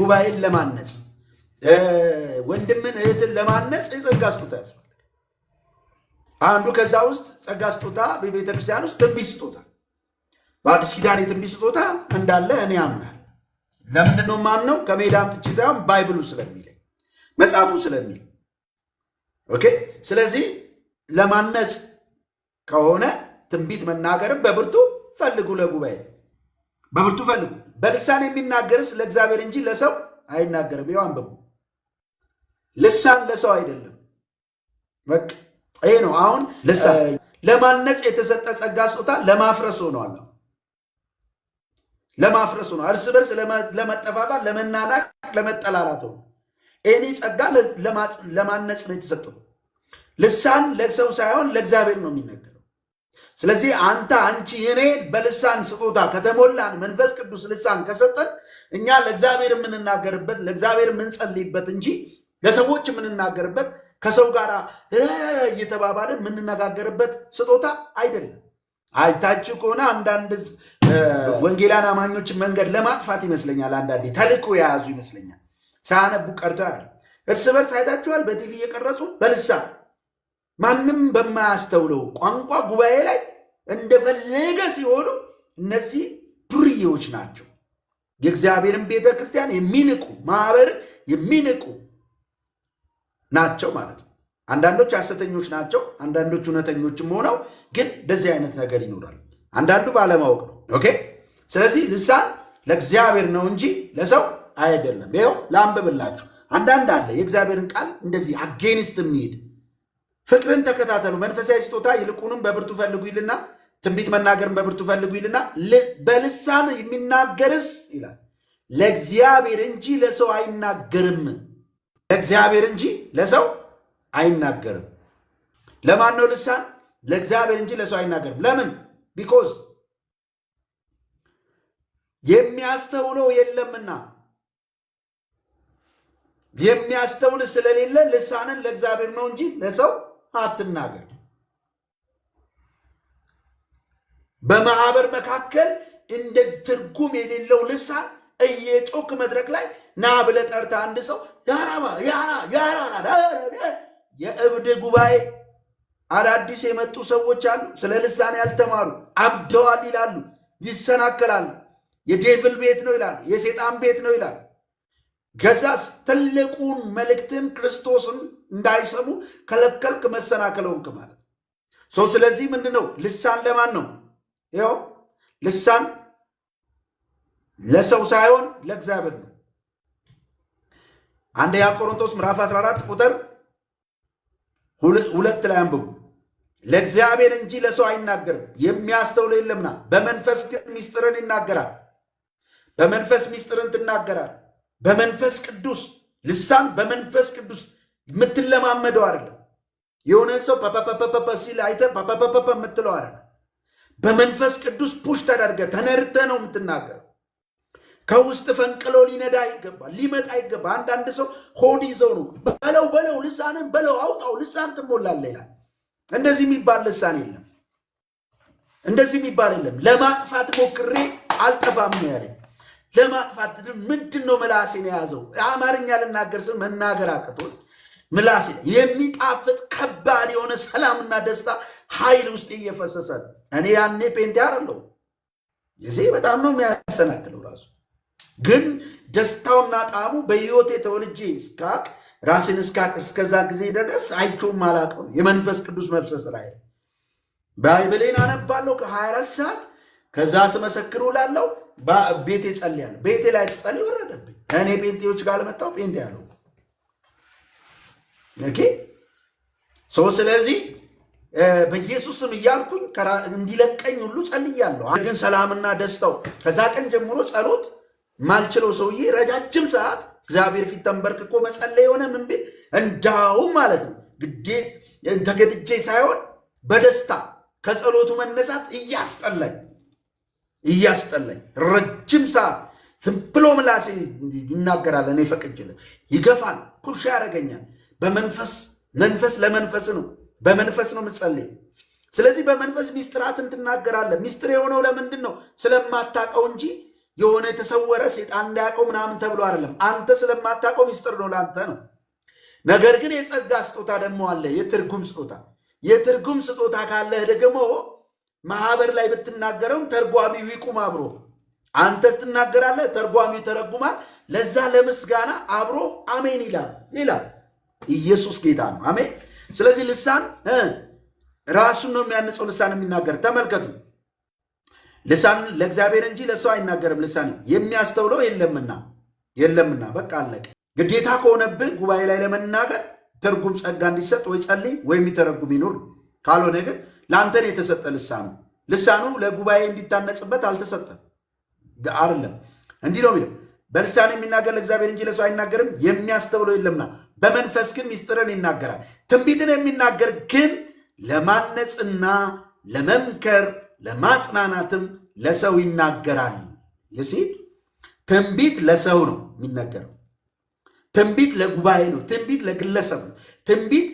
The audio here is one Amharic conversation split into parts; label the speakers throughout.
Speaker 1: ጉባኤን ለማነጽ ወንድምን እህትን ለማነጽ የጸጋ ስጦታ ያስፈልጋል። አንዱ ከዛ ውስጥ ጸጋ ስጦታ በቤተ ክርስቲያን ውስጥ ትንቢት ስጦታ፣ በአዲስ ኪዳን የትንቢት ስጦታ እንዳለ እኔ አምናል። ለምንድን ነው የማምነው? ከሜዳ አምጥቼ ሳይሆን ባይብሉ ስለሚለኝ መጽሐፉ ስለሚል ኦኬ። ስለዚህ ለማነጽ ከሆነ ትንቢት መናገርም በብርቱ ፈልጉ ለጉባኤ በብርቱ ፈልጉ። በልሳን የሚናገርስ ለእግዚአብሔር እንጂ ለሰው አይናገርም። ይኸው አንብቡ። ልሳን ለሰው አይደለም። በቃ ይሄ ነው። አሁን ልሳን ለማነጽ የተሰጠ ጸጋ ስጦታ ለማፍረስ ሆኗል። ለማፍረስ ሆኗል። እርስ በርስ ለመጠፋፋት፣ ለመናናቅ፣ ለመጠላላት ሆኖ እኔ ጸጋ ለማነጽ ነው የተሰጠው። ልሳን ለሰው ሳይሆን ለእግዚአብሔር ነው የሚነገር ስለዚህ አንተ አንቺ እኔ በልሳን ስጦታ ከተሞላን መንፈስ ቅዱስ ልሳን ከሰጠን እኛ ለእግዚአብሔር የምንናገርበት ለእግዚአብሔር የምንጸልይበት እንጂ ለሰዎች የምንናገርበት ከሰው ጋር እየተባባለ የምንነጋገርበት ስጦታ አይደለም። አይታችሁ ከሆነ አንዳንድ ወንጌላን አማኞችን መንገድ ለማጥፋት ይመስለኛል አንዳንዴ ተልቆ የያዙ ይመስለኛል። ሳያነቡ ቀርቶ አይደለም። እርስ በርስ አይታችኋል። በቲቪ እየቀረጹ በልሳን ማንም በማያስተውለው ቋንቋ ጉባኤ ላይ እንደፈለገ ሲሆኑ እነዚህ ዱርዬዎች ናቸው። የእግዚአብሔርን ቤተ ክርስቲያን የሚንቁ ማህበርን የሚንቁ ናቸው ማለት ነው። አንዳንዶች ሐሰተኞች ናቸው፣ አንዳንዶች እውነተኞችም ሆነው ግን እንደዚህ አይነት ነገር ይኖራል። አንዳንዱ ባለማወቅ ነው። ኦኬ። ስለዚህ ልሳን ለእግዚአብሔር ነው እንጂ ለሰው አይደለም። ይኸው ላንብብላችሁ። አንዳንድ አለ የእግዚአብሔርን ቃል እንደዚህ አጌንስት የሚሄድ ፍቅርን ተከታተሉ። መንፈሳዊ ስጦታ ይልቁንም በብርቱ ፈልጉ ይልና ትንቢት መናገርን በብርቱ ፈልጉ ይልና በልሳን የሚናገርስ ይላል ለእግዚአብሔር እንጂ ለሰው አይናገርም። ለእግዚአብሔር እንጂ ለሰው አይናገርም። ለማን ነው ልሳን? ለእግዚአብሔር እንጂ ለሰው አይናገርም። ለምን? ቢኮዝ የሚያስተውለው የለምና የሚያስተውል ስለሌለ ልሳንን ለእግዚአብሔር ነው እንጂ ለሰው አትናገር። በማህበር መካከል እንደ ትርጉም የሌለው ልሳን እየጮክ መድረክ ላይ ና ብለ ጠርተ አንድ ሰው የእብድ ጉባኤ አዳዲስ የመጡ ሰዎች አሉ። ስለ ልሳን ያልተማሩ አብደዋል ይላሉ፣ ይሰናከላሉ። የዴቭል ቤት ነው ይላሉ፣ የሴጣን ቤት ነው ይላሉ። ገዛስ ትልቁን መልእክትን ክርስቶስን እንዳይሰሙ ከለከልክ፣ መሰናክል ማለት ሰው። ስለዚህ ምንድን ነው ልሳን ለማን ነው? ይኸው ልሳን ለሰው ሳይሆን ለእግዚአብሔር ነው። አንደኛ ቆሮንቶስ ምዕራፍ 14 ቁጥር ሁለት ላይ አንብቡ። ለእግዚአብሔር እንጂ ለሰው አይናገርም፣ የሚያስተውል የለምና፣ በመንፈስ ግን ሚስጥርን ይናገራል። በመንፈስ ሚስጥርን ትናገራል። በመንፈስ ቅዱስ ልሳን በመንፈስ ቅዱስ የምትለማመደው አይደለም። የሆነ ሰው ፓፓፓፓፓ ሲል አይተ ፓፓፓፓፓ የምትለው አይደለም። በመንፈስ ቅዱስ ፑሽ ተደርገ ተነርተ ነው የምትናገረው። ከውስጥ ፈንቅሎ ሊነዳ ይገባል፣ ሊመጣ ይገባል። አንዳንድ ሰው ሆድ ይዘው ነው በለው በለው፣ ልሳንን በለው አውጣው፣ ልሳን ትሞላለ ይላል። እንደዚህ የሚባል ልሳን የለም። እንደዚህ የሚባል የለም። ለማጥፋት ሞክሬ አልጠፋም ነው ያለኝ። ለማጥፋት ምንድን ነው ምላሴን የያዘው? አማርኛ ልናገር ስል መናገር አቅቶኝ ምላስ የሚጣፍጥ ከባድ የሆነ ሰላምና ደስታ ኃይል ውስጥ እየፈሰሰ እኔ ያኔ ጴንጤ አለው የዚህ በጣም ነው የሚያሰናክለው ራሱ ግን ደስታውና ጣዕሙ በህይወቴ ተወልጄ እስካቅ ራሴን እስካቅ እስከዛ ጊዜ ድረስ አይቼውም አላውቅም። የመንፈስ ቅዱስ መፍሰስ ላይ ባይብሌን አነባለሁ ከ24 ሰዓት ከዛ ስመሰክሩ ላለው ቤቴ ጸልያለሁ። ቤቴ ላይ ስጸልይ ወረደብኝ። ከእኔ ጴንጤዎች ጋር ለመጣው ጴንጤ ያለው ኦኬ ሰው ስለዚህ በኢየሱስ ስም እያልኩኝ እንዲለቀኝ ሁሉ ጸልያለሁ። ግን ሰላምና ደስታው ከዛ ቀን ጀምሮ ጸሎት ማልችለው ሰውዬ ረጃጅም ሰዓት እግዚአብሔር ፊት ተንበርክኮ መጸለይ የሆነ ምን ቤት እንዳውም ማለት ነው ግዴ ተገድጄ ሳይሆን በደስታ ከጸሎቱ መነሳት እያስጠላኝ እያስጠላኝ ረጅም ሰዓት ዝም ብሎ ምላሴ ይናገራል። እኔ ፈቅጅለት ይገፋል፣ ኩርሻ ያደርገኛል። በመንፈስ መንፈስ ለመንፈስ ነው። በመንፈስ ነው የምትጸልይ። ስለዚህ በመንፈስ ሚስጥራትን ትናገራለህ። ሚስጥር የሆነው ለምንድን ነው? ስለማታውቀው እንጂ የሆነ የተሰወረ ሴጣን እንዳያውቀው ምናምን ተብሎ አይደለም። አንተ ስለማታውቀው ሚስጥር ነው፣ ለአንተ ነው። ነገር ግን የጸጋ ስጦታ ደግሞ አለ፣ የትርጉም ስጦታ። የትርጉም ስጦታ ካለህ ደግሞ ማህበር ላይ ብትናገረውም ተርጓሚው ይቁም አብሮ። አንተ ትናገራለህ፣ ተርጓሚው ተረጉማል። ለዛ ለምስጋና አብሮ አሜን ይላል ይላል ኢየሱስ ጌታ ነው። አሜን። ስለዚህ ልሳን ራሱን ነው የሚያነጸው። ልሳን የሚናገር ተመልከቱ፣ ልሳን ለእግዚአብሔር እንጂ ለሰው አይናገርም። ልሳን የሚያስተውለው የለምና የለምና በቃ አለቀ። ግዴታ ከሆነብህ ጉባኤ ላይ ለመናገር ትርጉም ጸጋ እንዲሰጥ ወይ ጸልይ ወይ የሚተረጉም ይኑር። ካልሆነ ግን ለአንተን የተሰጠ ልሳኑ ልሳኑ ለጉባኤ እንዲታነጽበት አልተሰጠም። አይደለም እንዲህ ነው የሚለው በልሳን የሚናገር ለእግዚአብሔር እንጂ ለሰው አይናገርም የሚያስተውለው የለምና በመንፈስ ግን ሚስጥርን ይናገራል። ትንቢትን የሚናገር ግን ለማነጽና ለመምከር ለማጽናናትም ለሰው ይናገራል። ይሲ ትንቢት ለሰው ነው የሚናገረው። ትንቢት ለጉባኤ ነው። ትንቢት ለግለሰብ ነው። ትንቢት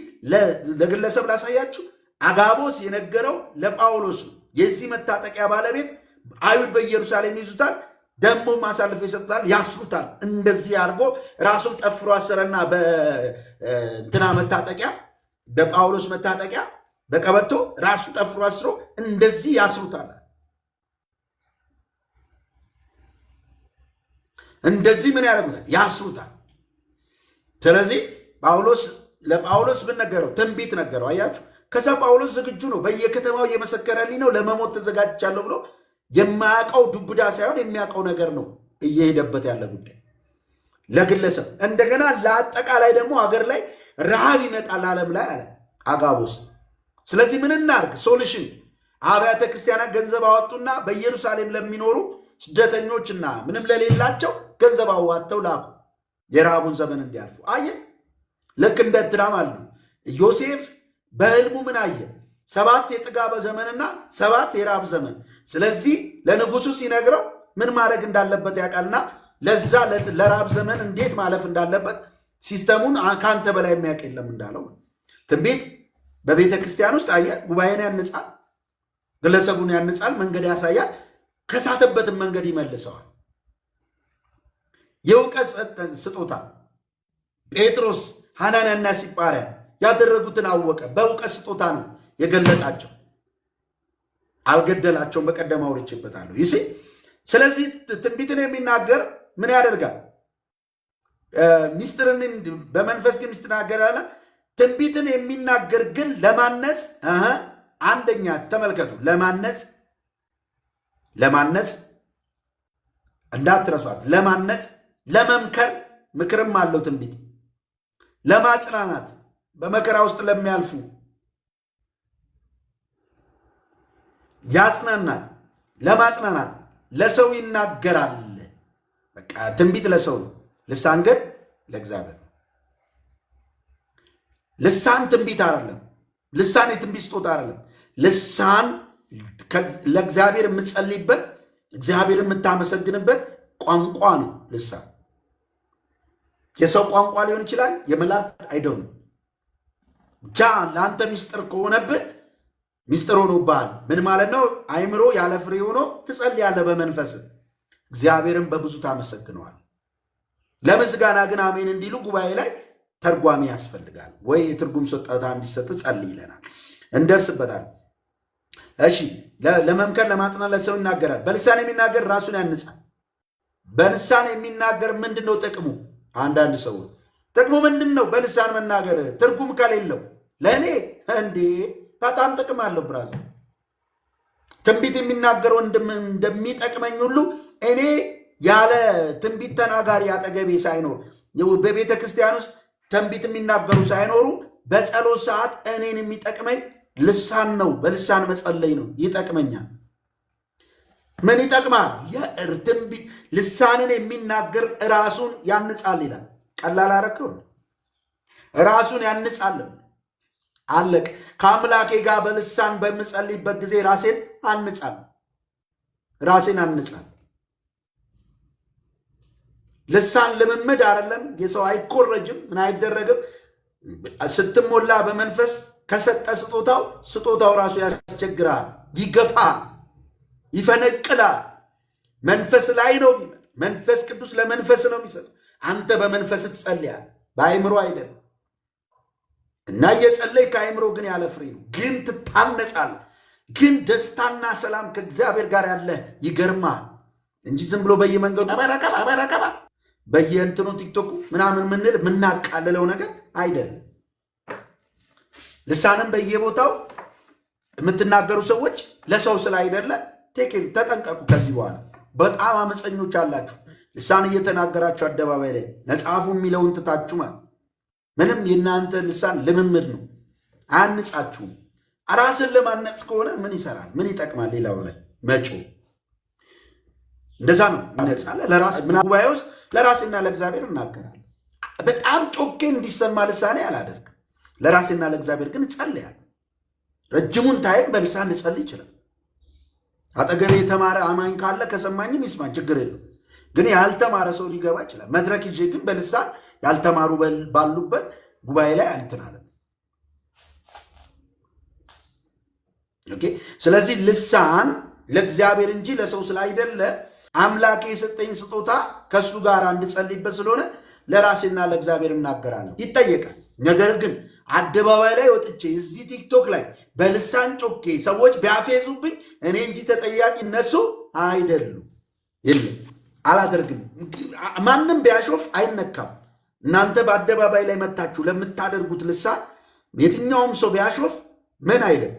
Speaker 1: ለግለሰብ ላሳያችሁ። አጋቦስ የነገረው ለጳውሎስ ነው። የዚህ መታጠቂያ ባለቤት አይሁድ በኢየሩሳሌም ይዙታል። ደግሞ ማሳልፍ ይሰጡታል፣ ያስሩታል። እንደዚህ አድርጎ ራሱን ጠፍሮ አሰረና በእንትና መታጠቂያ በጳውሎስ መታጠቂያ በቀበቶ ራሱ ጠፍሮ አስሮ እንደዚህ ያስሩታል። እንደዚህ ምን ያደርጉታል? ያስሩታል። ስለዚህ ጳውሎስ ለጳውሎስ ምን ነገረው? ትንቢት ነገረው። አያችሁ። ከዛ ጳውሎስ ዝግጁ ነው። በየከተማው እየመሰከረልኝ ነው፣ ለመሞት ተዘጋጅቻለሁ ብሎ የማያውቀው ዱብዳ ሳይሆን የሚያውቀው ነገር ነው እየሄደበት ያለ ጉዳይ ለግለሰብ እንደገና ለአጠቃላይ ደግሞ ሀገር ላይ ረሃብ ይመጣል አለም ላይ አለ አጋቦስ። ስለዚህ ምን እናርግ? ሶሉሽን አብያተ ክርስቲያናት ገንዘብ አወጡና በኢየሩሳሌም ለሚኖሩ ስደተኞችና ምንም ለሌላቸው ገንዘብ አዋጥተው ላኩ፣ የረሃቡን ዘመን እንዲያልፉ። አየ ልክ እንደ እንትና ማለት ነው። ዮሴፍ በህልሙ ምን አየ? ሰባት የጥጋበ ዘመንና ሰባት የራብ ዘመን ስለዚህ ለንጉሱ ሲነግረው ምን ማድረግ እንዳለበት ያውቃልና ለዛ ለራብ ዘመን እንዴት ማለፍ እንዳለበት ሲስተሙን ከአንተ በላይ የሚያውቅ የለም እንዳለው ትንቢት በቤተ ክርስቲያን ውስጥ አየህ፣ ጉባኤን ያንጻል፣ ግለሰቡን ያንጻል፣ መንገድ ያሳያል፣ ከሳተበትን መንገድ ይመልሰዋል። የእውቀት ስጦታ ጴጥሮስ ሐናንያና ሲጳርያን ያደረጉትን አወቀ። በእውቀት ስጦታ ነው የገለጣቸው። አልገደላቸውም። በቀደም አውርቼበታለሁ። ይህ ስለዚህ ትንቢትን የሚናገር ምን ያደርጋል? ሚስጥርን በመንፈስ ግን ስትናገር ያገራል። ትንቢትን የሚናገር ግን ለማነጽ አንደኛ ተመልከቱ፣ ለማነጽ ለማነጽ እንዳትረሷት፣ ለማነጽ ለመምከር፣ ምክርም አለው ትንቢት ለማጽናናት፣ በመከራ ውስጥ ለሚያልፉ ያጽናናል፣ ለማጽናናት ለሰው ይናገራል። በቃ ትንቢት ለሰው ልሳን ግን ለእግዚአብሔር ነው። ልሳን ትንቢት አይደለም። ልሳን የትንቢት ስጦታ አይደለም። ልሳን ለእግዚአብሔር የምትጸልይበት እግዚአብሔር የምታመሰግንበት ቋንቋ ነው። ልሳን የሰው ቋንቋ ሊሆን ይችላል፣ የመላእክት አይደሉም። ብቻ ለአንተ ሚስጥር ከሆነብህ ሚስጥር ሆኖብሃል። ምን ማለት ነው? አይምሮ ያለ ፍሬ ሆኖ ትጸልያለህ በመንፈስ እግዚአብሔርን በብዙ ታመሰግነዋል። ለምስጋና ግን አሜን እንዲሉ ጉባኤ ላይ ተርጓሚ ያስፈልጋል፣ ወይ የትርጉም ስጦታ እንዲሰጥ ጸል ይለናል። እንደርስበታል። እሺ፣ ለመምከር ለማጽናት ለሰው ይናገራል። በልሳን የሚናገር ራሱን ያንጻል። በልሳን የሚናገር ምንድን ነው ጥቅሙ? አንዳንድ ሰው ጥቅሙ ምንድን ነው? በልሳን መናገር ትርጉም ከሌለው ለእኔ እንዴ በጣም ጥቅም አለው ብራዘር። ትንቢት የሚናገር ወንድም እንደሚጠቅመኝ ሁሉ እኔ ያለ ትንቢት ተናጋሪ አጠገቤ ሳይኖር በቤተ ክርስቲያን ውስጥ ትንቢት የሚናገሩ ሳይኖሩ በጸሎት ሰዓት እኔን የሚጠቅመኝ ልሳን ነው። በልሳን መጸለይ ነው፣ ይጠቅመኛል። ምን ይጠቅማል? ትንቢት ልሳንን የሚናገር ራሱን ያንጻል ይላል። ቀላል አረከው ራሱን ያንጻል። አለቅ ከአምላኬ ጋር በልሳን በምጸልይበት ጊዜ ራሴን አንጻል ራሴን አንጻል። ልሳን ልምምድ አይደለም። የሰው አይኮረጅም፣ ምን አይደረግም። ስትሞላ በመንፈስ ከሰጠ ስጦታው ስጦታው ራሱ ያስቸግራል፣ ይገፋል፣ ይፈነቅላል። መንፈስ ላይ ነው መንፈስ ቅዱስ ለመንፈስ ነው የሚሰጠው። አንተ በመንፈስ ትጸልያል፣ በአይምሮ አይደለም። እና እየጸለይ ከአይምሮ ግን ያለ ፍሬ ነው። ግን ትታነጻል። ግን ደስታና ሰላም ከእግዚአብሔር ጋር ያለ ይገርማል እንጂ ዝም ብሎ በየመንገዱ አባራቀባ አባራቀባ በየእንትኑ ምናምን ምንል የምናቃልለው ነገር አይደለም። ልሳንም በየቦታው የምትናገሩ ሰዎች ለሰው ስለ አይደለ ቴክል ተጠንቀቁ። ከዚህ በኋላ በጣም አመፀኞች አላችሁ። ልሳን እየተናገራችሁ አደባባይ ላይ መጽሐፉ የሚለውን ትታችሁ ማለት ምንም የእናንተ ልሳን ልምምድ ነው፣ አያንጻችሁም። ራስን ለማነጽ ከሆነ ምን ይሰራል? ምን ይጠቅማል? ሌላው ላይ መጮ እንደዛ ነው ይነጻለ ለራስ ጉባኤ ውስጥ ለራሴና ለእግዚአብሔር እናገራል። በጣም ጮኬ እንዲሰማ ልሳኔ አላደርግም። ለራሴና ለእግዚአብሔር ግን እጸልያለሁ። ረጅሙን ታይም በልሳን ልጸል ይችላል። አጠገቤ የተማረ አማኝ ካለ ከሰማኝም ይስማኝ፣ ችግር የለው። ግን ያልተማረ ሰው ሊገባ ይችላል። መድረክ ይዤ ግን በልሳን ያልተማሩ ባሉበት ጉባኤ ላይ አንትናለ። ስለዚህ ልሳን ለእግዚአብሔር እንጂ ለሰው ስላይደለ አምላክ የሰጠኝ ስጦታ ከእሱ ጋር እንድጸልይበት ስለሆነ ለራሴና ለእግዚአብሔር እናገራለሁ ይጠየቃል። ነገር ግን አደባባይ ላይ ወጥቼ እዚህ ቲክቶክ ላይ በልሳን ጮኬ ሰዎች ቢያፌዙብኝ እኔ እንጂ ተጠያቂ እነሱ አይደሉም። የለም አላደርግም። ማንም ቢያሾፍ አይነካም። እናንተ በአደባባይ ላይ መታችሁ ለምታደርጉት ልሳን የትኛውም ሰው ቢያሾፍ ምን አይልም።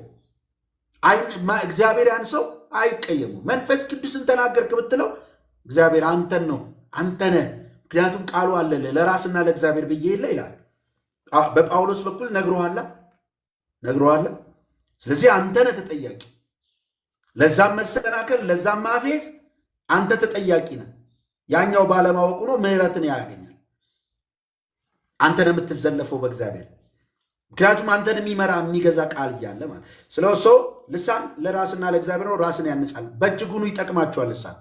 Speaker 1: እግዚአብሔር ያን ሰው አይቀየሙ። መንፈስ ቅዱስን ተናገርክ ብትለው እግዚአብሔር አንተን ነው አንተነ። ምክንያቱም ቃሉ አለለ ለራስና ለእግዚአብሔር ብዬ የለ ይላል። በጳውሎስ በኩል ነግሮኋላ ነግረዋለ። ስለዚህ አንተነ ተጠያቂ። ለዛም መሰናከል፣ ለዛም ማፌዝ አንተ ተጠያቂ ነህ። ያኛው ባለማወቁ ነው ምህረትን ያገኛል። አንተ ነው የምትዘለፈው በእግዚአብሔር ምክንያቱም አንተን የሚመራ የሚገዛ ቃል እያለ ማለት ስለ ሰው ልሳን ለራስና ለእግዚአብሔር ነው። ራስን ያንጻል። በእጅጉኑ ይጠቅማችኋል። ልሳን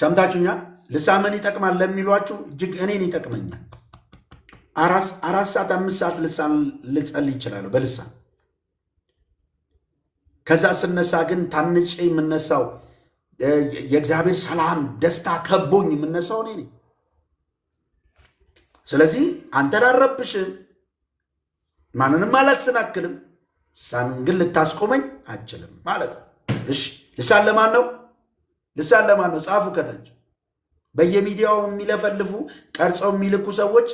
Speaker 1: ሰምታችሁኛ። ልሳን ምን ይጠቅማል ለሚሏችሁ እጅግ እኔን ይጠቅመኛል። አራት ሰዓት አምስት ሰዓት ልሳን ልጸልይ ይችላሉ በልሳን ከዛ ስነሳ ግን ታንጬ የምነሳው የእግዚአብሔር ሰላም ደስታ ከቦኝ የምነሳው እኔ ነኝ። ስለዚህ አንተን አልረብሽም፣ ማንንም አላሰናክልም። ልሳን ግን ልታስቆመኝ አችልም ማለት ነው። እሺ ልሳን ለማን ነው? ልሳን ለማን ነው? ጻፉ ከታች በየሚዲያው የሚለፈልፉ ቀርጸው የሚልኩ ሰዎች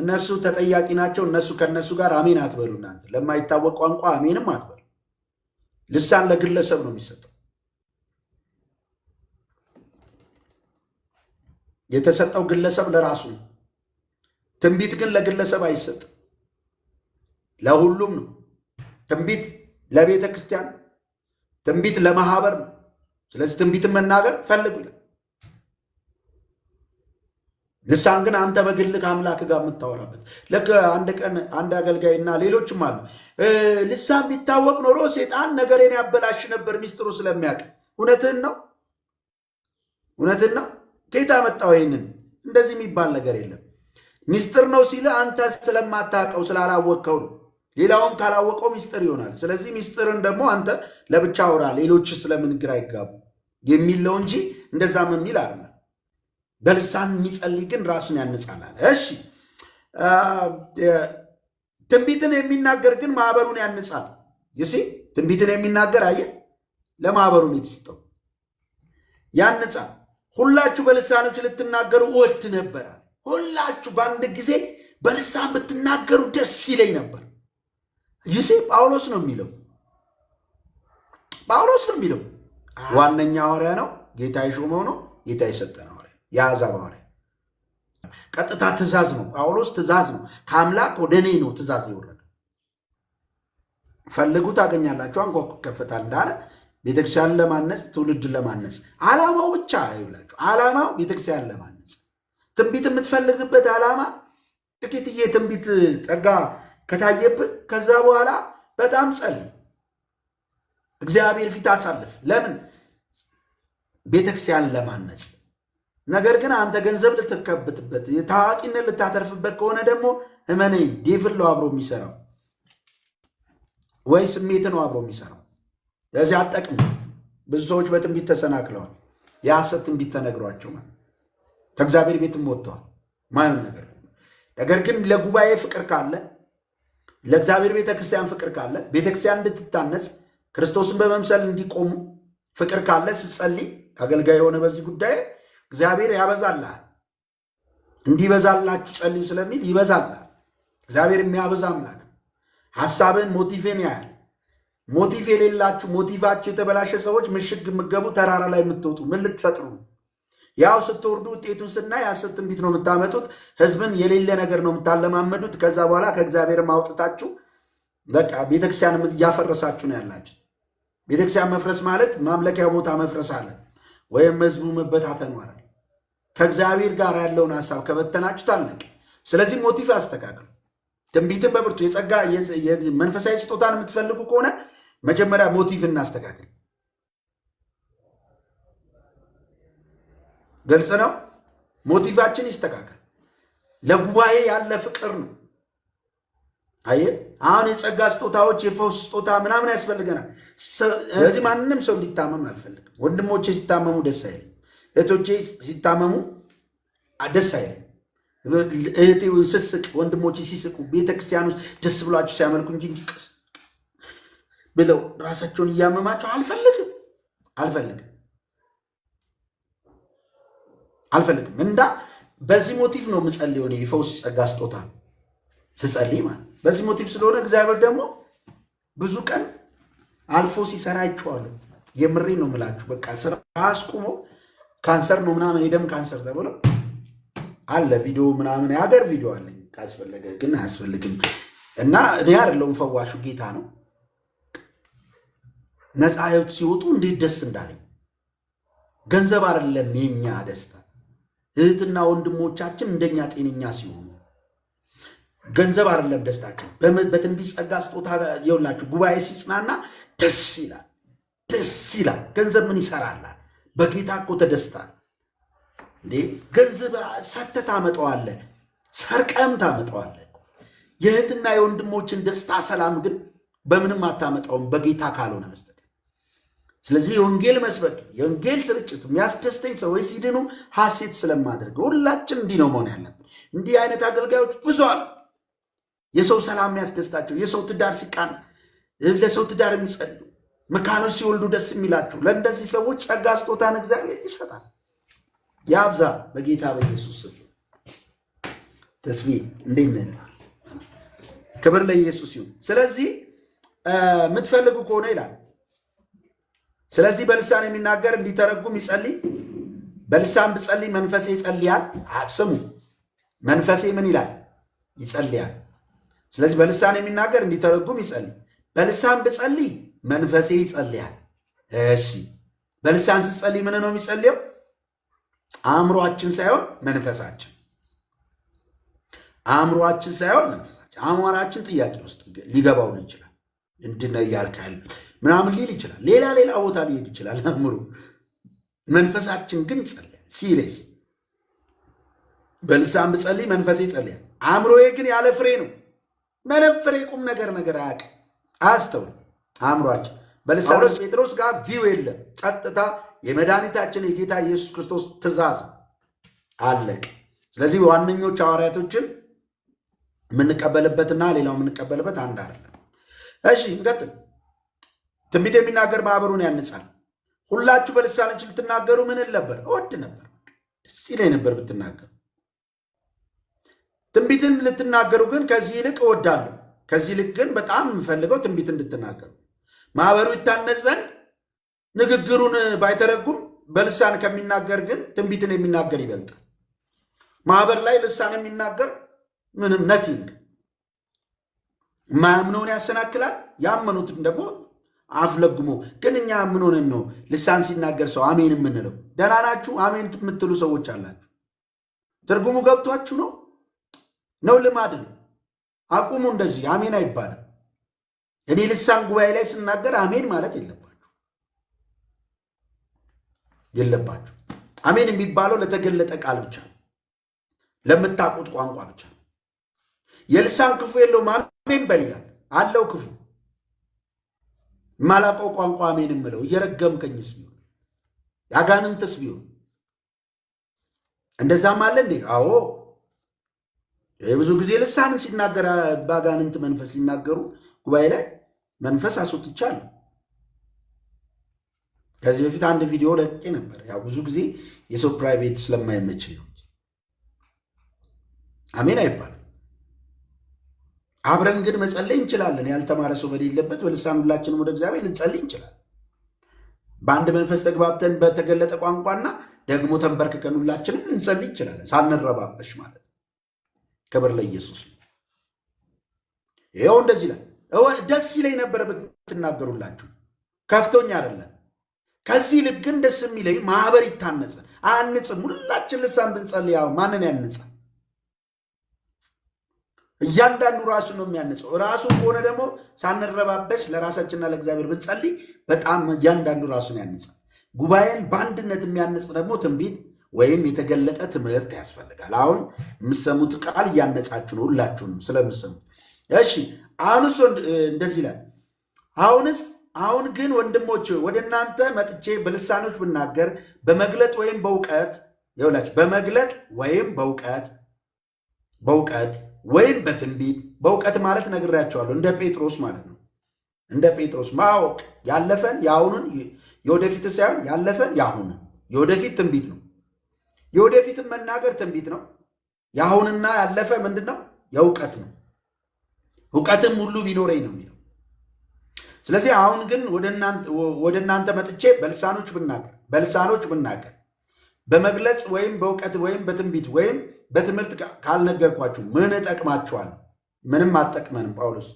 Speaker 1: እነሱ ተጠያቂ ናቸው። እነሱ ከእነሱ ጋር አሜን አትበሉ። እናንተ ለማይታወቅ ቋንቋ አሜንም አትበሉ። ልሳን ለግለሰብ ነው የሚሰጠው። የተሰጠው ግለሰብ ለራሱ ነው። ትንቢት ግን ለግለሰብ አይሰጥም፣ ለሁሉም ነው። ትንቢት ለቤተ ክርስቲያን፣ ትንቢት ለማህበር ነው። ስለዚህ ትንቢትን መናገር ፈልጉ ይላል። ልሳን ግን አንተ በግልህ አምላክ ጋር የምታወራበት ልክ አንድ ቀን አንድ አገልጋይ እና ሌሎችም አሉ። ልሳን ቢታወቅ ኖሮ ሴጣን ነገሬን ያበላሽ ነበር ሚስጥሩ ስለሚያውቅ። እውነትህን ነው፣ እውነትህን ነው። ከየት አመጣው? ይህንን እንደዚህ የሚባል ነገር የለም። ሚስጥር ነው ሲለ አንተ ስለማታውቀው ስላላወቀው ነው። ሌላውም ካላወቀው ሚስጥር ይሆናል። ስለዚህ ሚስጥርን ደግሞ አንተ ለብቻ አውራ፣ ሌሎች ስለምን ግራ አይጋቡ የሚል ነው እንጂ እንደዛም የሚል አለ። በልሳን የሚጸልይ ግን ራሱን ያንጻላል። እሺ ትንቢትን የሚናገር ግን ማህበሩን ያንጻል። ይሲ ትንቢትን የሚናገር አየ ለማህበሩን የተሰጠው፣ ያንጻል። ሁላችሁ በልሳኖች ልትናገሩ እወድ ነበራል ሁላችሁ በአንድ ጊዜ በልሳን ብትናገሩ ደስ ይለኝ ነበር። ይሴ ጳውሎስ ነው የሚለው ጳውሎስ ነው የሚለው ዋነኛ ሐዋርያ ነው። ጌታ የሾመው ነው። ጌታ ነው ሐዋርያ፣ የአሕዛብ ሐዋርያ ቀጥታ ትእዛዝ ነው። ጳውሎስ ትእዛዝ ነው። ከአምላክ ወደ እኔ ነው ትእዛዝ የወረደ። ፈልጉ ታገኛላችሁ፣ አንኳኩ ይከፈታል እንዳለ ቤተክርስቲያንን ለማነጽ ትውልድን ለማነጽ አላማው ብቻ ይውላችሁ። አላማው ቤተክርስቲያን ለማነጽ ትንቢት የምትፈልግበት ዓላማ ጥቂትዬ ትንቢት ጸጋ ከታየብህ ከዛ በኋላ በጣም ጸልይ፣ እግዚአብሔር ፊት አሳልፍ። ለምን ቤተክርስቲያን ለማነጽ ነገር ግን አንተ ገንዘብ ልትከብትበት ታዋቂነት ልታተርፍበት ከሆነ ደግሞ እመነኝ ዴቭል ነው አብሮ የሚሰራው፣ ወይ ስሜት ነው አብሮ የሚሰራው። ለዚህ አጠቅም ብዙ ሰዎች በትንቢት ተሰናክለዋል። የሐሰት ትንቢት ተነግሯቸው ማለት ከእግዚአብሔር ቤትም ወጥተዋል። ማየውን ነገር ነገር ግን ለጉባኤ ፍቅር ካለ ለእግዚአብሔር ቤተ ክርስቲያን ፍቅር ካለ ቤተ ክርስቲያን እንድትታነጽ ክርስቶስን በመምሰል እንዲቆሙ ፍቅር ካለ ስትጸልይ አገልጋይ የሆነ በዚህ ጉዳይ እግዚአብሔር ያበዛልሃል። እንዲበዛላችሁ ጸልዩ ስለሚል ይበዛልሃል። እግዚአብሔር የሚያበዛ አምላክ ሐሳብን ሞቲቬን ያያል። ሞቲቭ የሌላችሁ ሞቲቫችሁ የተበላሸ ሰዎች ምሽግ የምገቡ ተራራ ላይ የምትወጡ ምን ልትፈጥሩ ያው ስትወርዱ ውጤቱን ስናይ ሐሰት ትንቢት ነው የምታመጡት። ህዝብን የሌለ ነገር ነው የምታለማመዱት። ከዛ በኋላ ከእግዚአብሔር ማውጥታችሁ በቃ ቤተክርስቲያን እያፈረሳችሁ ነው ያላችሁ። ቤተክርስቲያን መፍረስ ማለት ማምለኪያ ቦታ መፍረስ አለ ወይም ህዝቡ መበታተን ማለት ከእግዚአብሔር ጋር ያለውን ሀሳብ ከበተናችሁ ታለቅ። ስለዚህ ሞቲቭ አስተካክሉ። ትንቢትን በብርቱ የጸጋ መንፈሳዊ ስጦታን የምትፈልጉ ከሆነ መጀመሪያ ሞቲቭ እናስተካክል። ግልጽ ነው። ሞቲቫችን ይስተካከል። ለጉባኤ ያለ ፍቅር ነው። አየ አሁን የጸጋ ስጦታዎች የፈውስ ስጦታ ምናምን ያስፈልገናል። ዚህ ማንም ሰው እንዲታመም አልፈልግም። ወንድሞቼ ሲታመሙ ደስ አይልም። እህቶቼ ሲታመሙ ደስ አይልም። እህቴ ስስቅ፣ ወንድሞቼ ሲስቁ፣ ቤተክርስቲያን ውስጥ ደስ ብሏቸው ሲያመልኩ እንጂ ብለው ራሳቸውን እያመማቸው አልፈልግም አልፈልግም። አልፈልግም እንዳ በዚህ ሞቲቭ ነው የምጸልየው ሆነ የፈውስ ጸጋ ስጦታ ስጸልይ ማለት በዚህ ሞቲቭ ስለሆነ እግዚአብሔር ደግሞ ብዙ ቀን አልፎ ሲሰራ አይቼዋለሁ። የምሬ ነው የምላችሁ። በቃ ስራ አስቁሞ ካንሰር ነው ምናምን የደም ካንሰር ተብሎ አለ ቪዲዮ ምናምን የሀገር ቪዲዮ አለኝ ካስፈለገ ግን አያስፈልግም። እና እኔ አይደለሁም ፈዋሹ ጌታ ነው። ነፃ ሲወጡ እንዴት ደስ እንዳለኝ ገንዘብ አይደለም የኛ ደስታ እህትና ወንድሞቻችን እንደኛ ጤነኛ ሲሆኑ ገንዘብ አይደለም ደስታችን። በትንቢት ጸጋ ስጦታ የውላችሁ ጉባኤ ሲጽናና ደስ ይላል፣ ደስ ይላል። ገንዘብ ምን ይሰራላል? በጌታ እኮ ተደስታል እንዴ! ገንዘብ ሰተ ታመጠዋለ፣ ሰርቀም ታመጠዋለ። የእህትና የወንድሞችን ደስታ ሰላም ግን በምንም አታመጣውም በጌታ ካልሆነ ስለዚህ የወንጌል መስበክ የወንጌል ስርጭት የሚያስደስተኝ ሰዎች ሲድኑ ሐሴት ስለማድረግ ሁላችን እንዲህ ነው መሆን ያለብን። እንዲህ አይነት አገልጋዮች ብዙ አሉ። የሰው ሰላም የሚያስደስታቸው፣ የሰው ትዳር ሲቃን ለሰው ትዳር የሚጸሉ መካኖች ሲወልዱ ደስ የሚላቸው፣ ለእንደዚህ ሰዎች ጸጋ ስጦታን እግዚአብሔር ይሰጣል። የአብዛ በጌታ በኢየሱስ ስም ተስቢ እንዴት ነህ? ክብር ለኢየሱስ ይሁን። ስለዚህ የምትፈልጉ ከሆነ ይላል ስለዚህ በልሳን የሚናገር እንዲተረጉም ይጸልይ። በልሳን ብጸልይ መንፈሴ ይጸልያል። ስሙ መንፈሴ ምን ይላል? ይጸልያል። ስለዚህ በልሳን የሚናገር እንዲተረጉም ይጸልይ። በልሳን ብጸልይ መንፈሴ ይጸልያል። እሺ በልሳን ስጸልይ ምን ነው የሚጸልየው? አእምሯችን ሳይሆን መንፈሳችን፣ አእምሯችን ሳይሆን መንፈሳችን። አእምሯችን ጥያቄ ውስጥ ሊገባው ይችላል። እንድነ ምናምን ሊል ይችላል። ሌላ ሌላ ቦታ ሊሄድ ይችላል አእምሮ። መንፈሳችን ግን ይጸልያል። ሲሬስ በልሳን ብጸልይ መንፈሴ ይጸልያል። አእምሮዬ ግን ያለ ፍሬ ነው። ምንም ፍሬ ቁም ነገር ነገር አያውቅም። አያስተውል አእምሯችን በልሳኖስ ጴጥሮስ ጋር ቪው የለም። ቀጥታ የመድኃኒታችን የጌታ ኢየሱስ ክርስቶስ ትእዛዝ አለቅ። ስለዚህ ዋነኞች ሐዋርያቶችን የምንቀበልበትና ሌላው የምንቀበልበት አንድ አይደለም። እሺ እንቀጥል። ትንቢት የሚናገር ማህበሩን ያንጻል። ሁላችሁ በልሳኖች ልትናገሩ ምን ነበር? እወድ ነበር፣ ደስ ይለኝ ነበር ብትናገሩ። ትንቢትን ልትናገሩ ግን ከዚህ ይልቅ እወዳለሁ። ከዚህ ይልቅ ግን በጣም የምፈልገው ትንቢት እንድትናገሩ ማህበሩ ይታነጽ ዘንድ ንግግሩን ባይተረጉም በልሳን ከሚናገር ግን ትንቢትን የሚናገር ይበልጣል። ማህበር ላይ ልሳን የሚናገር ምንም ነቲንግ የማያምነውን ያሰናክላል፣ ያመኑትን ደግሞ አፍለግሞ ግን እኛ ምን ሆነን ነው ልሳን ሲናገር ሰው አሜን የምንለው? ደህና ናችሁ አሜን የምትሉ ሰዎች አላችሁ። ትርጉሙ ገብቷችሁ ነው ነው ልማድ ነው። አቁሙ። እንደዚህ አሜን አይባልም። እኔ ልሳን ጉባኤ ላይ ስናገር አሜን ማለት የለባችሁ የለባችሁ። አሜን የሚባለው ለተገለጠ ቃል ብቻ ነው፣ ለምታውቁት ቋንቋ ብቻ ነው። የልሳን ክፉ የለውም አሜን በል ይላል አለው ክፉ የማላውቀው ቋንቋ አሜን የምለው እየረገምከኝስ ቢሆን ያጋንንትስ ቢሆን እንደዛም አለ እንዴ? አዎ ብዙ ጊዜ ልሳን ሲናገር በአጋንንት መንፈስ ሲናገሩ ጉባኤ ላይ መንፈስ አስወጥቻለሁ። ከዚህ በፊት አንድ ቪዲዮ ለቄ ነበር። ያው ብዙ ጊዜ የሰው ፕራይቬት ስለማይመቸኝ ነው። አሜን አይባልም። አብረን ግን መጸለይ እንችላለን። ያልተማረ ሰው በሌለበት በልሳን ሁላችንም ወደ እግዚአብሔር ልንጸልይ እንችላለን። በአንድ መንፈስ ተግባብተን በተገለጠ ቋንቋና ደግሞ ተንበርክከን ሁላችንም ልንጸልይ እንችላለን፣ ሳንረባበሽ ማለት። ነው። ክብር ለኢየሱስ ነው። ይኸው እንደዚህ ላል ደስ ይለኝ ነበረ ብትናገሩላችሁ ከፍቶኝ አይደለም። ከዚህ ልክ ግን ደስ የሚለኝ ማህበር ይታነጸ አንጽም። ሁላችን ልሳን ብንጸልይ ያው ማንን ያንጻል? እያንዳንዱ ራሱ ነው የሚያነጸው። ራሱ ከሆነ ደግሞ ሳንረባበሽ ለራሳችንና ለእግዚአብሔር ብንጸልይ በጣም እያንዳንዱ ራሱን ያነ ጉባኤን በአንድነት የሚያነጽ ደግሞ ትንቢት ወይም የተገለጠ ትምህርት ያስፈልጋል። አሁን የምሰሙት ቃል እያነጻችሁ ነው፣ ሁላችሁም ስለምሰሙት። እሺ አሁንስ እንደዚህ ይላል። አሁንስ አሁን ግን ወንድሞች ወደ እናንተ መጥቼ በልሳኖች ብናገር በመግለጥ ወይም በእውቀት ይውላችሁ በመግለጥ ወይም በእውቀት በእውቀት ወይም በትንቢት በእውቀት ማለት ነግሬያቸዋለሁ። እንደ ጴጥሮስ ማለት ነው። እንደ ጴጥሮስ ማወቅ ያለፈን የአሁኑን የወደፊት ሳይሆን ያለፈን የአሁንን የወደፊት ትንቢት ነው። የወደፊትን መናገር ትንቢት ነው። የአሁንና ያለፈ ምንድን ነው? የእውቀት ነው። እውቀትም ሁሉ ቢኖረኝ ነው የሚለው። ስለዚህ አሁን ግን ወደ እናንተ መጥቼ በልሳኖች ብናገር በልሳኖች ብናገር በመግለጽ ወይም በእውቀት ወይም በትንቢት ወይም በትምህርት ካልነገርኳችሁ ምን እጠቅማችኋል? ምንም አጠቅመንም። ጳውሎስ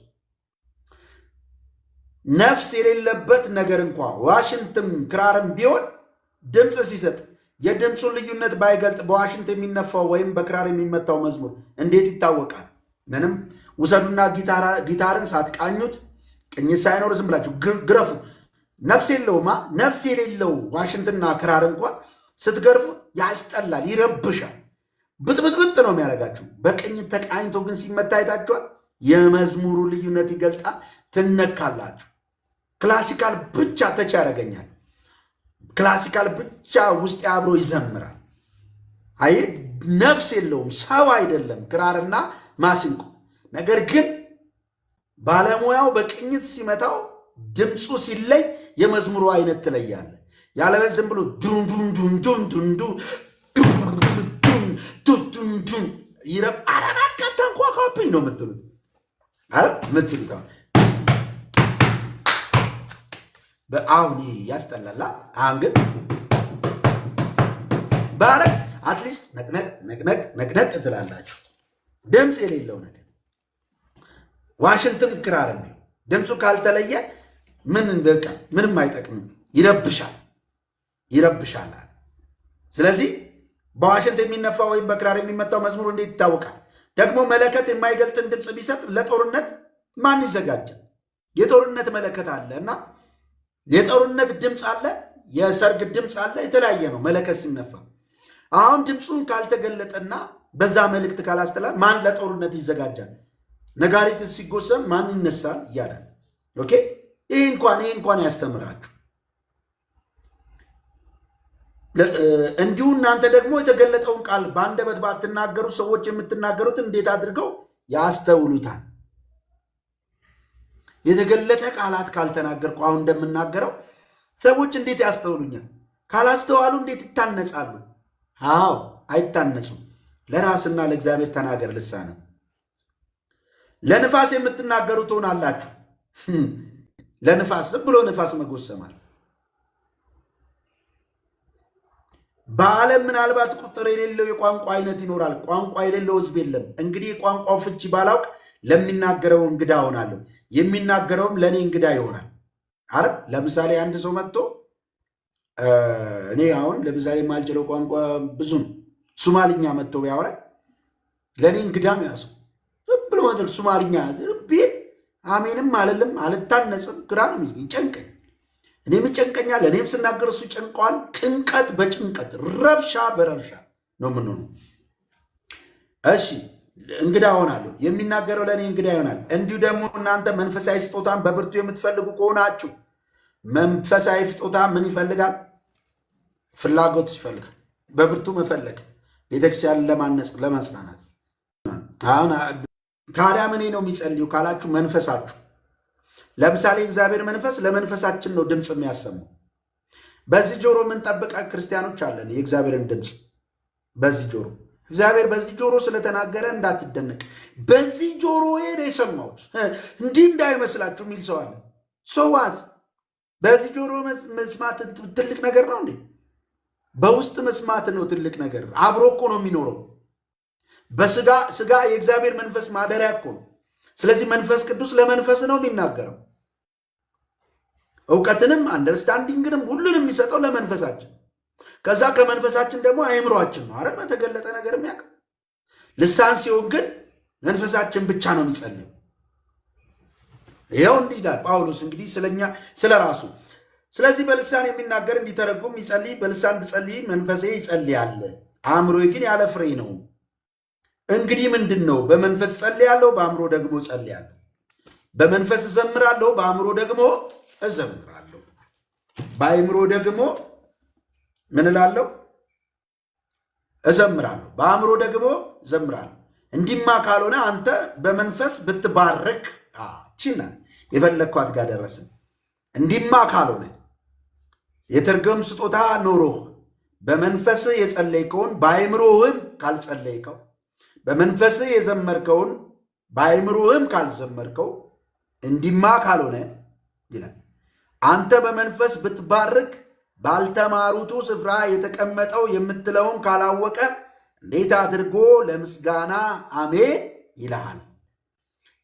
Speaker 1: ነፍስ የሌለበት ነገር እንኳ ዋሽንትም ክራርም ቢሆን ድምፅ ሲሰጥ የድምፁን ልዩነት ባይገልጥ በዋሽንት የሚነፋው ወይም በክራር የሚመታው መዝሙር እንዴት ይታወቃል? ምንም ውሰዱና ጊታርን ሳትቃኙት ቅኝት ሳይኖር ዝም ብላችሁ ግረፉ። ነፍስ የለውማ። ነፍስ የሌለው ዋሽንትና ክራር እንኳ ስትገርፉት ያስጠላል፣ ይረብሻል። ብጥብጥብጥ ነው የሚያደርጋችሁ። በቅኝት ተቃኝቶ ግን ሲመታ አይታችኋል። የመዝሙሩ ልዩነት ይገልጣል። ትነካላችሁ። ክላሲካል ብቻ ተች ያደርገኛል። ክላሲካል ብቻ ውስጥ አብሮ ይዘምራል። አይ ነፍስ የለውም ሰው አይደለም ክራርና ማሲንቆ። ነገር ግን ባለሙያው በቅኝት ሲመታው ድምፁ ሲለይ የመዝሙሩ አይነት ትለያለ። ያለበት ዝም ብሎ ዱንዱንዱንዱንዱንዱ ይረብ አረባከት ተንኳኳብኝ ነው የምትሉት ምትሉት። በአሁን ያስጠላላ። አሁን ግን በአረግ አትሊስት ነቅነቅ ነቅነቅ ነቅነቅ ትላላችሁ ድምፅ የሌለው ነገር ዋሽንትም ክራር ቢሆን ድምፁ ካልተለየ ምን በቃ ምንም አይጠቅምም። ይረብሻል ይረብሻል። ስለዚህ በዋሽንት የሚነፋ ወይም በክራር የሚመታው መዝሙር እንዴት ይታወቃል? ደግሞ መለከት የማይገልጥን ድምፅ ቢሰጥ ለጦርነት ማን ይዘጋጃል? የጦርነት መለከት አለ እና የጦርነት ድምፅ አለ፣ የሰርግ ድምፅ አለ። የተለያየ ነው መለከት ሲነፋ። አሁን ድምፁን ካልተገለጠና በዛ መልእክት ካላስተላል ማን ለጦርነት ይዘጋጃል? ነጋሪት ሲጎሰም ማን ይነሳል? እያለ ኦኬ። ይህ እንኳን ይህ እንኳን ያስተምራችሁ። እንዲሁ እናንተ ደግሞ የተገለጠውን ቃል በአንደበት ባትናገሩ ሰዎች የምትናገሩት እንዴት አድርገው ያስተውሉታል? የተገለጠ ቃላት ካልተናገርኩ አሁን እንደምናገረው ሰዎች እንዴት ያስተውሉኛል? ካላስተዋሉ እንዴት ይታነጻሉ? አዎ አይታነጹም። ለራስና ለእግዚአብሔር ተናገር ነው። ለንፋስ የምትናገሩ ትሆናላችሁ። ለንፋስ ዝም ብሎ ንፋስ መጎሰማል በዓለም ምናልባት ቁጥር የሌለው የቋንቋ አይነት ይኖራል። ቋንቋ የሌለው ህዝብ የለም። እንግዲህ የቋንቋው ፍቺ ባላውቅ ለሚናገረው እንግዳ ሆናለሁ፣ የሚናገረውም ለእኔ እንግዳ ይሆናል። አረ ለምሳሌ አንድ ሰው መጥቶ እኔ አሁን ለምሳሌ የማልችለው ቋንቋ ብዙ ነው። ሱማልኛ መጥቶ ቢያወራ ለእኔ እንግዳም ያሰው ዝም ብሎ ሱማልኛ ቤት አሜንም አልልም፣ አልታነጽም፣ ግራ ነው ይጨንቀኝ እኔም ይጨንቀኛል፣ እኔም ስናገር እሱ ጨንቀዋል። ጭንቀት በጭንቀት ረብሻ በረብሻ ነው የምንሆነው። እሺ እንግዳ ሆናለሁ፣ የሚናገረው ለእኔ እንግዳ ይሆናል። እንዲሁ ደግሞ እናንተ መንፈሳዊ ስጦታን በብርቱ የምትፈልጉ ከሆናችሁ መንፈሳዊ ስጦታ ምን ይፈልጋል? ፍላጎት ይፈልጋል። በብርቱ መፈለግ ቤተክርስቲያን ለማነጽ ለማጽናናት። አሁን ካዲያ ምን ነው የሚጸልዩ ካላችሁ መንፈሳችሁ ለምሳሌ እግዚአብሔር መንፈስ ለመንፈሳችን ነው ድምፅ የሚያሰማው። በዚህ ጆሮ የምንጠብቀ ክርስቲያኖች አለን። የእግዚአብሔርን ድምፅ በዚህ ጆሮ እግዚአብሔር በዚህ ጆሮ ስለተናገረ እንዳትደነቅ። በዚህ ጆሮ ነው የሰማሁት እንዲህ እንዳይመስላችሁ የሚል ሰው አለ። ሰዋት በዚህ ጆሮ መስማት ትልቅ ነገር ነው እንዴ? በውስጥ መስማት ነው ትልቅ ነገር። አብሮ እኮ ነው የሚኖረው። በስጋ ስጋ የእግዚአብሔር መንፈስ ማደሪያ እኮ ነው። ስለዚህ መንፈስ ቅዱስ ለመንፈስ ነው የሚናገረው። እውቀትንም አንደርስታንዲንግንም ሁሉንም የሚሰጠው ለመንፈሳችን። ከዛ ከመንፈሳችን ደግሞ አይምሯችን ነው አረን በተገለጠ ነገር የሚያውቅ ልሳን ሲሆን ግን መንፈሳችን ብቻ ነው የሚጸልም። ይኸው እንዲህ ይላል ጳውሎስ እንግዲህ ስለኛ ስለ ራሱ ስለዚህ በልሳን የሚናገር እንዲተረጉም ይጸልይ፣ በልሳን ብጸልይ መንፈሴ ይጸልያል፣ አእምሮዬ ግን ያለ ፍሬ ነው። እንግዲህ ምንድን ነው? በመንፈስ ጸልያለሁ፣ በአእምሮ ደግሞ ጸልያለሁ። በመንፈስ እዘምራለሁ፣ በአእምሮ ደግሞ እዘምራለሁ። በአእምሮ ደግሞ ምን እላለሁ? እዘምራለሁ። በአእምሮ ደግሞ እዘምራለሁ። እንዲማ ካልሆነ አንተ በመንፈስ ብትባርክ ቺና የፈለግኳት ጋር ደረስን። እንዲማ ካልሆነ የትርጉም ስጦታ ኖሮ በመንፈስ የጸለይከውን በአእምሮህም ካልጸለይከው በመንፈስህ የዘመርከውን በአእምሮህም ካልዘመርከው እንዲማ ካልሆነ ይላል። አንተ በመንፈስ ብትባርክ ባልተማሩቱ ስፍራ የተቀመጠው የምትለውን ካላወቀ እንዴት አድርጎ ለምስጋና አሜ ይልሃል?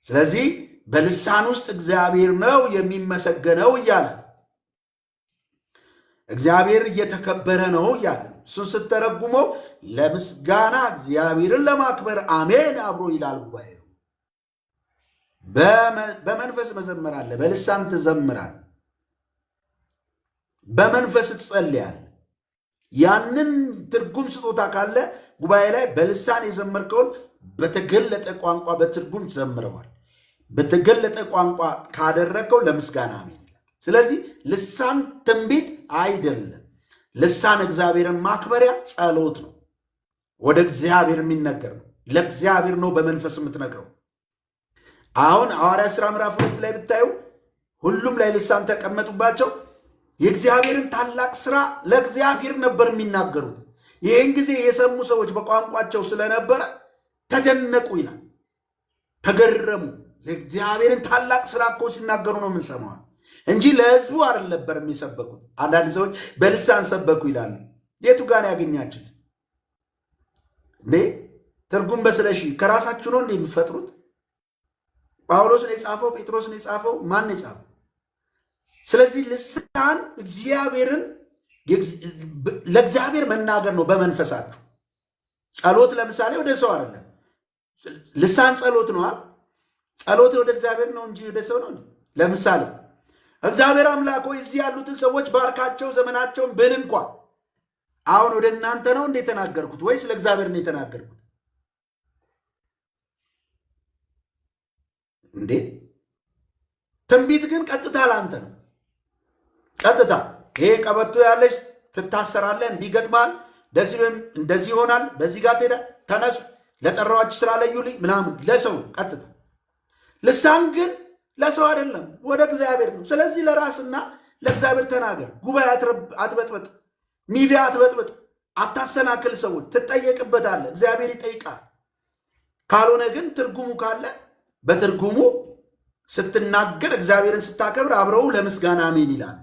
Speaker 1: ስለዚህ በልሳን ውስጥ እግዚአብሔር ነው የሚመሰገነው እያለ እግዚአብሔር እየተከበረ ነው እያለ እሱን ስተረጉመው ለምስጋና እግዚአብሔርን ለማክበር አሜን አብሮ ይላል ጉባኤው። በመንፈስ መዘመር አለ፣ በልሳን ትዘምራል፣ በመንፈስ ትጸልያል። ያንን ትርጉም ስጦታ ካለ ጉባኤ ላይ በልሳን የዘመርከውን በተገለጠ ቋንቋ በትርጉም ትዘምረዋል። በተገለጠ ቋንቋ ካደረከው ለምስጋና አሜን። ስለዚህ ልሳን ትንቢት አይደለም። ልሳን እግዚአብሔርን ማክበሪያ ጸሎት ነው። ወደ እግዚአብሔር የሚነገር ነው። ለእግዚአብሔር ነው በመንፈስ የምትነግረው። አሁን ሐዋርያ ሥራ ምዕራፍ ሁለት ላይ ብታዩ ሁሉም ላይ ልሳን ተቀመጡባቸው። የእግዚአብሔርን ታላቅ ስራ ለእግዚአብሔር ነበር የሚናገሩት። ይህን ጊዜ የሰሙ ሰዎች በቋንቋቸው ስለነበረ ተደነቁ ይላል፣ ተገረሙ። የእግዚአብሔርን ታላቅ ስራ እኮ ሲናገሩ ነው የምንሰማው። እንጂ ለህዝቡ አይደል ነበር የሚሰበኩት። አንዳንድ ሰዎች በልሳን ሰበኩ ይላሉ። የቱ ጋር ያገኛችሁት እንዴ? ትርጉም በስለሺ ከራሳችሁ ነው እንዴ የሚፈጥሩት? ጳውሎስ ነው የጻፈው? ጴጥሮስ ነው የጻፈው? ማን ነው የጻፈው? ስለዚህ ልሳን እግዚአብሔርን ለእግዚአብሔር መናገር ነው በመንፈሳችሁ። ጸሎት ለምሳሌ ወደ ሰው አይደለም። ልሳን ጸሎት ነዋል። ጸሎት ወደ እግዚአብሔር ነው እንጂ ወደ ሰው ነው። ለምሳሌ እግዚአብሔር አምላኮ እዚህ ያሉትን ሰዎች ባርካቸው፣ ዘመናቸውን ብል እንኳ አሁን ወደ እናንተ ነው እንደ የተናገርኩት ወይስ ለእግዚአብሔር ነው የተናገርኩት? እንዴ ትንቢት ግን ቀጥታ ለአንተ ነው። ቀጥታ ይሄ ቀበቶ ያለች ትታሰራለህ፣ እንዲገጥማል፣ እንደዚህ ይሆናል፣ በዚህ ጋር ትሄዳል፣ ተነሱ፣ ለጠራዋች ለዩልኝ ምናምን ለሰው ቀጥታ ልሳን ግን ለሰው አይደለም፣ ወደ እግዚአብሔር ነው። ስለዚህ ለራስና ለእግዚአብሔር ተናገር። ጉባኤ አትበጥበጥ፣ ሚዲያ አትበጥበጥ፣ አታሰናክል። ሰዎች ትጠየቅበታለ እግዚአብሔር ይጠይቃል። ካልሆነ ግን ትርጉሙ ካለ በትርጉሙ ስትናገር እግዚአብሔርን ስታከብር አብረው ለምስጋና አሜን ይላል።